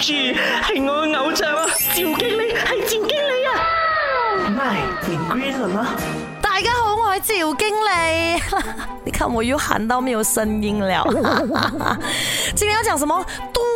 住，係我嘅偶像啊！趙經理，係趙經理啊 ！My，green The、啊、大家好，我係趙經理。 你看我又喊到沒有聲音了。今 天 要講什麼？